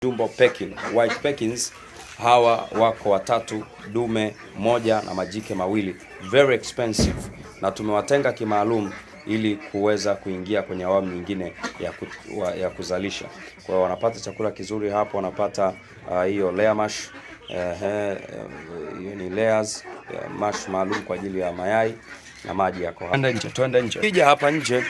Jumbo Pekin, White Pekins hawa wako watatu, dume moja na majike mawili, very expensive, na tumewatenga kimaalum ili kuweza kuingia kwenye awamu nyingine ya, ku, ya kuzalisha. Kwa hiyo wanapata chakula kizuri hapo, wanapata uh, hiyo uh, layer mash uh, eh, uh, uh, ni layers uh, mash maalum kwa ajili ya mayai na maji yako. hapo. nje, twende nje. Kija hapa nje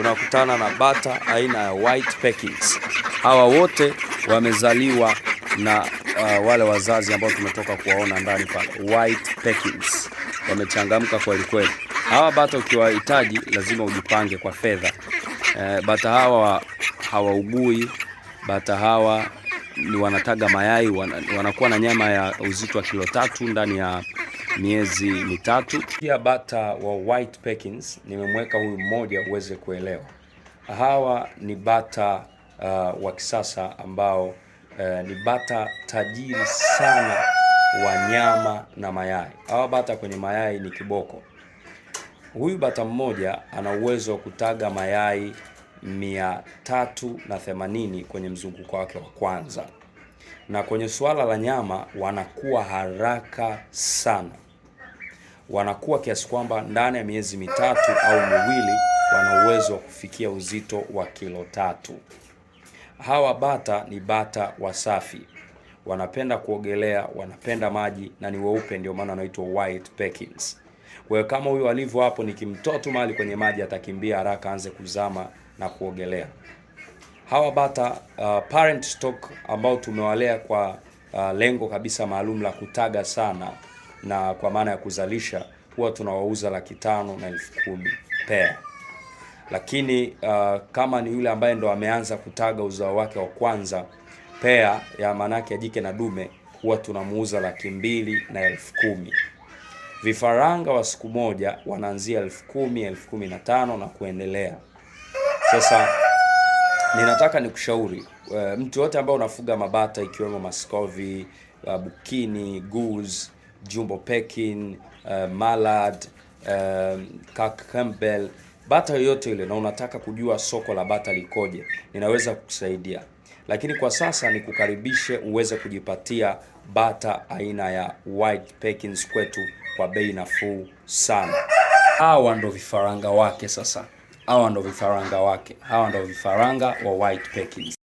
unakutana na bata aina ya White Pekins. Hawa wote wamezaliwa na uh, wale wazazi ambao tumetoka kuwaona ndani pale, white Pekins wamechangamka kweli kweli. Hawa bata ukiwahitaji lazima ujipange kwa fedha. Uh, bata hawa hawaugui. Bata hawa ni wanataga mayai, wanakuwa na nyama ya uzito wa kilo tatu ndani ya miezi mitatu. Pia bata wa white Pekins nimemweka huyu mmoja uweze kuelewa. Hawa ni bata uh, wa kisasa ambao uh, ni bata tajiri sana wa nyama na mayai. Hawa bata kwenye mayai ni kiboko. Huyu bata mmoja ana uwezo wa kutaga mayai mia tatu na themanini kwenye mzunguko wake wa kwanza, na kwenye suala la nyama wanakuwa haraka sana. Wanakuwa kiasi kwamba ndani ya miezi mitatu au miwili wana uwezo wa kufikia uzito wa kilo tatu. Hawa bata ni bata wasafi, wanapenda kuogelea, wanapenda maji na ni weupe, ndio maana wanaitwa white Pekins. Kwa hiyo kama huyu alivyo hapo, nikimtoa tu mahali kwenye maji atakimbia haraka anze kuzama na kuogelea. Hawa bata uh, parent stock ambao tumewalea kwa uh, lengo kabisa maalum la kutaga sana na kwa maana ya kuzalisha, huwa tunawauza laki tano na elfu kumi pea lakini uh, kama ni yule ambaye ndo ameanza kutaga uzao wake wa kwanza pea ya manake ya jike na dume huwa tunamuuza laki mbili na elfu kumi. Vifaranga wa siku moja wanaanzia elfu kumi, elfu kumi na tano na kuendelea. Sasa ninataka nikushauri uh, mtu yote ambaye unafuga mabata ikiwemo maskovi uh, bukini, goose, jumbo pekin, uh, malad, uh, um, kak Campbell bata yoyote ile na unataka kujua soko la bata likoje, ninaweza kukusaidia, lakini kwa sasa nikukaribishe uweze kujipatia bata aina ya White Pekins kwetu kwa bei nafuu sana. Hawa ndo vifaranga wake sasa. Hawa ndo vifaranga wake, hawa ndo vifaranga wa White Pekins.